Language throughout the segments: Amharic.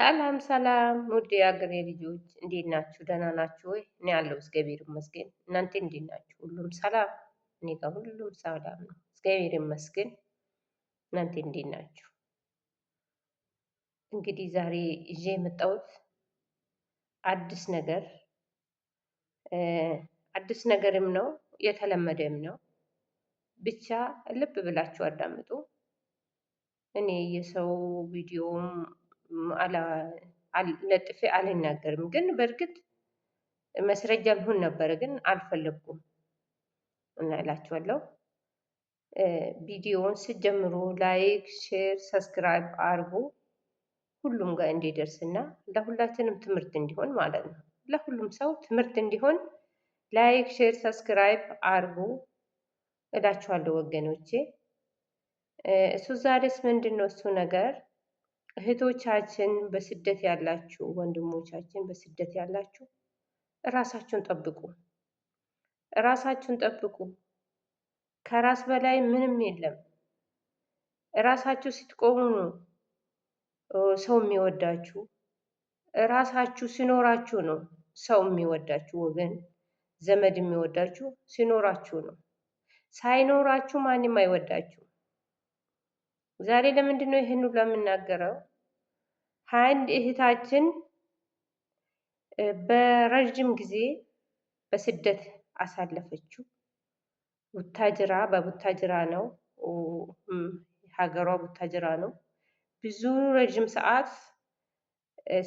ሰላም ሰላም፣ ውድ የአገሬ ልጆች እንዴት ናችሁ? ደህና ናችሁ ወይ? እኔ ያለው እግዚአብሔር ይመስገን። እናንተ እንዴት ናችሁ? ሁሉም ሰላም? እኔ ጋር ሁሉም ሰላም ነው፣ እግዚአብሔር ይመስገን። እናንተ እንዴት ናችሁ? እንግዲህ ዛሬ ይዤ የመጣሁት አዲስ ነገር አዲስ ነገርም ነው የተለመደም ነው። ብቻ ልብ ብላችሁ አዳምጡ። እኔ የሰው ቪዲዮም ለጥፌ አልናገርም። ግን በእርግጥ መስረጃ ቢሆን ነበረ፣ ግን አልፈለግኩም እና እላችኋለሁ። ቪዲዮውን ስጀምሩ ላይክ፣ ሼር፣ ሰብስክራይብ አርጉ ሁሉም ጋር እና ለሁላችንም ትምህርት እንዲሆን ማለት ነው። ለሁሉም ሰው ትምህርት እንዲሆን ላይክ፣ ሼር፣ ሰብስክራይብ አርጉ እላችኋለሁ ወገኖቼ። እሱ ዛሬስ ምንድን ነው እሱ ነገር እህቶቻችን በስደት ያላችሁ፣ ወንድሞቻችን በስደት ያላችሁ እራሳችሁን ጠብቁ፣ እራሳችሁን ጠብቁ። ከራስ በላይ ምንም የለም። እራሳችሁ ስትቆሙ ነው ሰው የሚወዳችሁ። እራሳችሁ ሲኖራችሁ ነው ሰው የሚወዳችሁ፣ ወገን ዘመድ የሚወዳችሁ ሲኖራችሁ ነው። ሳይኖራችሁ ማንም አይወዳችሁ። ዛሬ ለምንድን ነው ይህን ሁሉ የምናገረው? አንድ እህታችን በረዥም ጊዜ በስደት አሳለፈችው። ቡታጅራ በቡታጅራ ነው ሀገሯ ቡታጅራ ነው። ብዙ ረዥም ሰዓት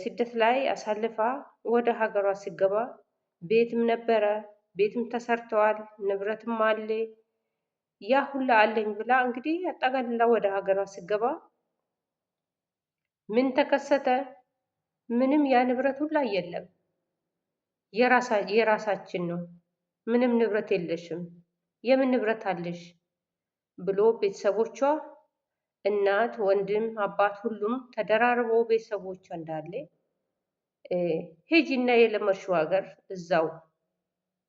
ስደት ላይ አሳልፋ ወደ ሀገሯ ስገባ ቤትም ነበረ፣ ቤትም ተሰርተዋል፣ ንብረትም አለ ያ ሁላ አለኝ ብላ እንግዲህ አጠቃልላ ወደ ሀገሯ ስገባ ምን ተከሰተ? ምንም ያ ንብረት ሁላ የለም። የራሳችን ነው። ምንም ንብረት የለሽም። የምን ንብረት አለሽ? ብሎ ቤተሰቦቿ እናት፣ ወንድም፣ አባት ሁሉም ተደራርቦ ቤተሰቦቿ እንዳለ ሂጂና የለመርሽው ሀገር እዛው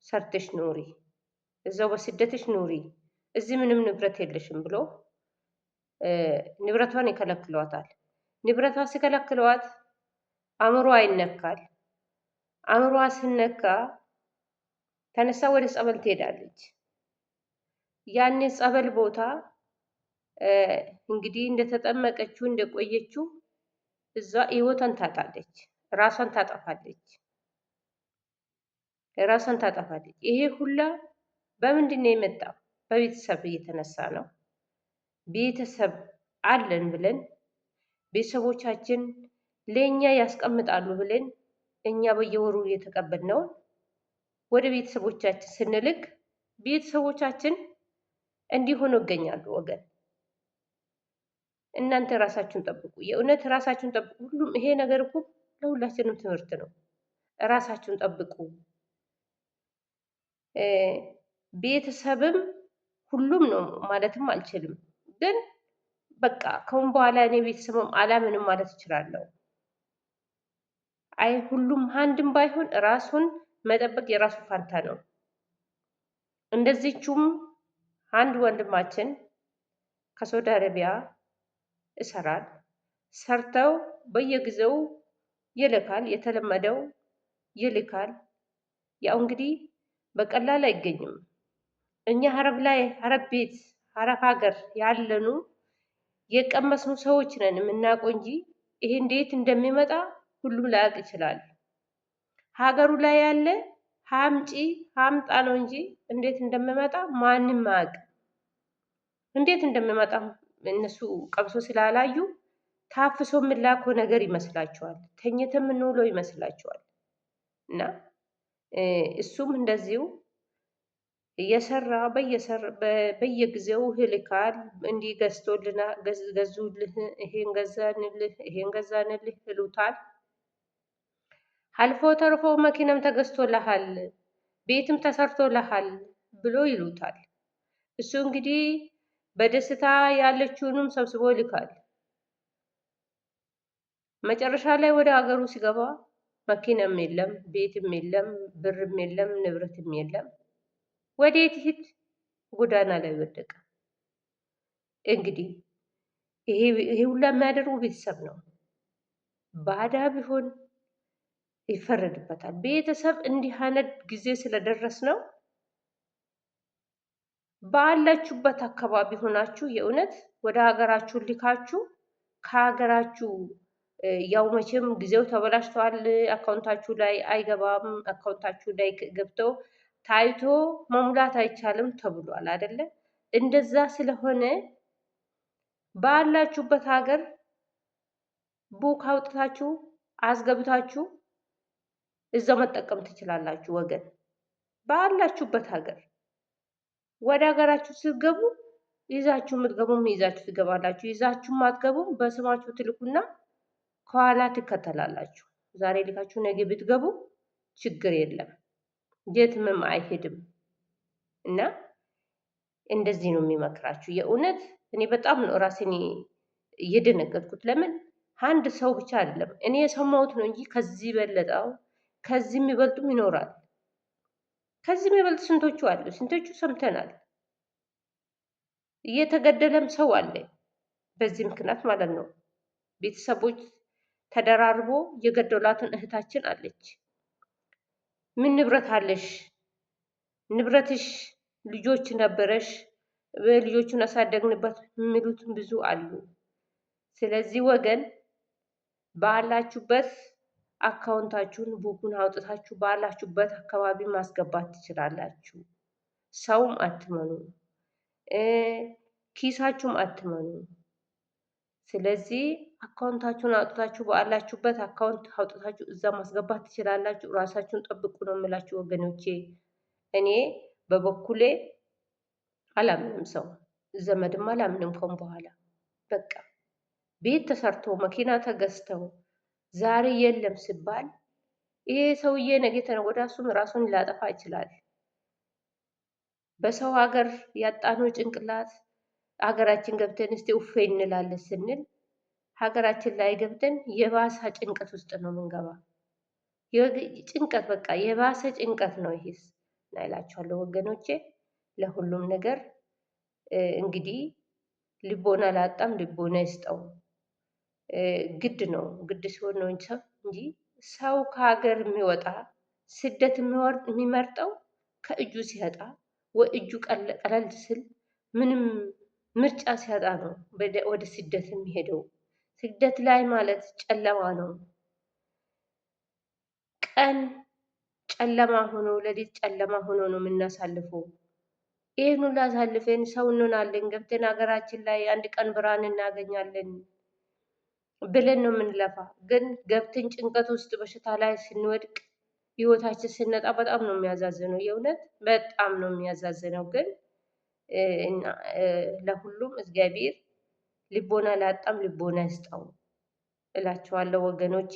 ሰርተሽ ኑሪ፣ እዛው በስደትሽ ኑሪ፣ እዚህ ምንም ንብረት የለሽም ብሎ ንብረቷን ይከለክሏታል። ንብረቷ ሲከለክሏት አእምሮዋ ይነካል። አእምሮዋ ሲነካ ተነሳ ወደ ጸበል ትሄዳለች። ያኔ ጸበል ቦታ እንግዲህ እንደተጠመቀችው እንደቆየችው እዛ ህይወቷን ታጣለች፣ ራሷን ታጠፋለች፣ ራሷን ታጠፋለች። ይሄ ሁላ በምንድን ነው የመጣው? በቤተሰብ እየተነሳ ነው። ቤተሰብ አለን ብለን ቤተሰቦቻችን ለእኛ ያስቀምጣሉ ብለን እኛ በየወሩ የተቀበልነውን ወደ ቤተሰቦቻችን ስንልክ ቤተሰቦቻችን እንዲሆኑ ይገኛሉ። ወገን እናንተ ራሳችሁን ጠብቁ፣ የእውነት ራሳችሁን ጠብቁ። ሁሉም ይሄ ነገር እኮ ለሁላችንም ትምህርት ነው። ራሳችሁን ጠብቁ። ቤተሰብም ሁሉም ነው ማለትም አልችልም ግን በቃ ከሁን በኋላ እኔ ቤተሰብም አላምንም ማለት እችላለሁ። አይ ሁሉም አንድም ባይሆን ራሱን መጠበቅ የራሱ ፋንታ ነው። እንደዚችም አንድ ወንድማችን ከሳውዲ አረቢያ እሰራል ሰርተው በየጊዜው ይልካል፣ የተለመደው ይልካል። ያው እንግዲህ በቀላል አይገኝም። እኛ አረብ ላይ አረብ ቤት አረብ ሀገር ያለኑ የቀመስኑ ሰዎች ነን የምናውቀው እንጂ ይሄ እንዴት እንደሚመጣ ሁሉም ላያውቅ ይችላል። ሀገሩ ላይ ያለ ሀምጪ ሀምጣ ነው እንጂ እንዴት እንደሚመጣ ማንም አያውቅ። እንዴት እንደሚመጣ እነሱ ቀምሶ ስላላዩ ታፍሶ የምላኮ ነገር ይመስላቸዋል። ተኝተ የምንውለው ይመስላቸዋል እና እሱም እንደዚሁ እየሰራ በየጊዜው ህልካል እንዲህ ገዝቶልና ይሄን ገዛንልህ፣ ይሄን ገዛንልህ ይሉታል። አልፎ ተርፎ መኪናም ተገዝቶልሃል፣ ቤትም ተሰርቶልሃል ብሎ ይሉታል። እሱ እንግዲህ በደስታ ያለችውንም ሰብስቦ ይልካል። መጨረሻ ላይ ወደ ሀገሩ ሲገባ መኪናም የለም፣ ቤትም የለም፣ ብርም የለም፣ ንብረትም የለም። ወዴት የትሂድ ጎዳና ላይ ወደቀ። እንግዲህ ይሄ ሁላ የሚያደርጉ ቤተሰብ ነው። ባዳ ቢሆን ይፈረድበታል። ቤተሰብ እንዲህ አይነት ጊዜ ስለደረስ ነው ባላችሁበት አካባቢ ሆናችሁ የእውነት ወደ ሀገራችሁ ልካችሁ ከሀገራችሁ ያው መቼም ጊዜው ተበላሽተዋል። አካውንታችሁ ላይ አይገባም። አካውንታችሁ ላይ ገብተው ታይቶ መሙላት አይቻልም ተብሏል አይደለ? እንደዛ ስለሆነ ባላችሁበት ሀገር ቡክ አውጥታችሁ አስገብታችሁ እዛው መጠቀም ትችላላችሁ። ወገን ባላችሁበት ሀገር ወደ ሀገራችሁ ስትገቡ ይዛችሁ የምትገቡም ይዛችሁ ትገባላችሁ። ይዛችሁ አትገቡም፣ በስማችሁ ትልኩና ከኋላ ትከተላላችሁ። ዛሬ ልካችሁ ነገ ብትገቡ ችግር የለም። የትምም አይሄድም እና እንደዚህ ነው የሚመክራችሁ። የእውነት እኔ በጣም ነው ራሴን እየደነገጥኩት። ለምን አንድ ሰው ብቻ አይደለም እኔ የሰማሁት ነው እንጂ ከዚህ በለጠው ከዚህ የሚበልጡም ይኖራል። ከዚህ የሚበልጡ ስንቶቹ አሉ፣ ስንቶቹ ሰምተናል። እየተገደለም ሰው አለ በዚህ ምክንያት ማለት ነው። ቤተሰቦች ተደራርቦ የገደሏትን እህታችን አለች። ምን ንብረት አለሽ? ንብረትሽ ልጆች ነበረሽ፣ ልጆቹን አሳደግንበት የሚሉትን ብዙ አሉ። ስለዚህ ወገን ባላችሁበት አካውንታችሁን ቡኩን አውጥታችሁ ባላችሁበት አካባቢ ማስገባት ትችላላችሁ። ሰውም አትመኑ፣ ኪሳችሁም አትመኑ። ስለዚህ አካውንታችሁን አውጥታችሁ ባላችሁበት አካውንት አውጥታችሁ እዛ ማስገባት ትችላላችሁ። እራሳችሁን ጠብቁ ነው የምላችሁ ወገኖቼ። እኔ በበኩሌ አላምንም፣ ሰው ዘመድም አላምንም። ከም በኋላ በቃ ቤት ተሰርቶ መኪና ተገዝተው ዛሬ የለም ሲባል ይሄ ሰውዬ ነገ ተነገወዲያ እሱም ራሱን ሊያጠፋ ይችላል። በሰው ሀገር ያጣነው ጭንቅላት ሀገራችን ገብተን እስቲ ውፌ እንላለን ስንል ሀገራችን ላይ ገብተን የባሰ ጭንቀት ውስጥ ነው ምንገባ። ጭንቀት በቃ የባሰ ጭንቀት ነው ይሄስ ናይላችኋለሁ ወገኖቼ። ለሁሉም ነገር እንግዲህ ልቦና ላጣም ልቦና ይስጠው። ግድ ነው ግድ ሲሆን ነው እንጂ እንጂ ሰው ከሀገር የሚወጣ ስደት የሚመርጠው ከእጁ ሲያጣ ወይ እጁ ቀለል ሲል ምንም ምርጫ ሲያጣ ነው ወደ ስደት የሚሄደው። ስደት ላይ ማለት ጨለማ ነው። ቀን ጨለማ ሆኖ ሌሊት ጨለማ ሆኖ ነው የምናሳልፈው። ይህን ሁሉ አሳልፈን ሰው እንሆናለን ገብተን ሀገራችን ላይ አንድ ቀን ብርሃን እናገኛለን ብለን ነው የምንለፋ። ግን ገብተን ጭንቀት ውስጥ በሽታ ላይ ስንወድቅ ህይወታችን ስነጣ በጣም ነው የሚያዛዝነው። የእውነት በጣም ነው የሚያዛዝነው ግን ለሁሉም እግዚአብሔር ልቦና ላጣም ልቦና ይስጠው እላችኋለሁ ወገኖቼ።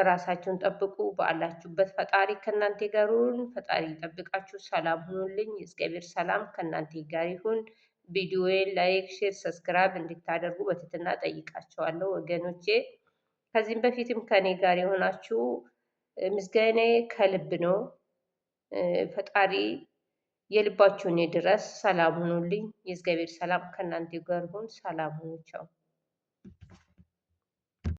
እራሳችሁን ጠብቁ። በአላችሁበት ፈጣሪ ከእናንተ ጋር ይሁን። ፈጣሪ ጠብቃችሁ። ሰላም ሁኑልኝ። እግዚአብሔር ሰላም ከእናንተ ጋር ይሁን። ቪዲዮዬን ላይክ፣ ሼር፣ ሰብስክራይብ እንድታደርጉ በትህትና ጠይቃችኋለሁ ወገኖቼ። ከዚህም በፊትም ከኔ ጋር የሆናችሁ ምስጋናዬ ከልብ ነው። ፈጣሪ የልባችሁን ድረስ ሰላም ሁኑልኝ። የእግዚአብሔር ሰላም ከእናንተ ጋር ይሁን። ሰላም ሁኑ። ቻው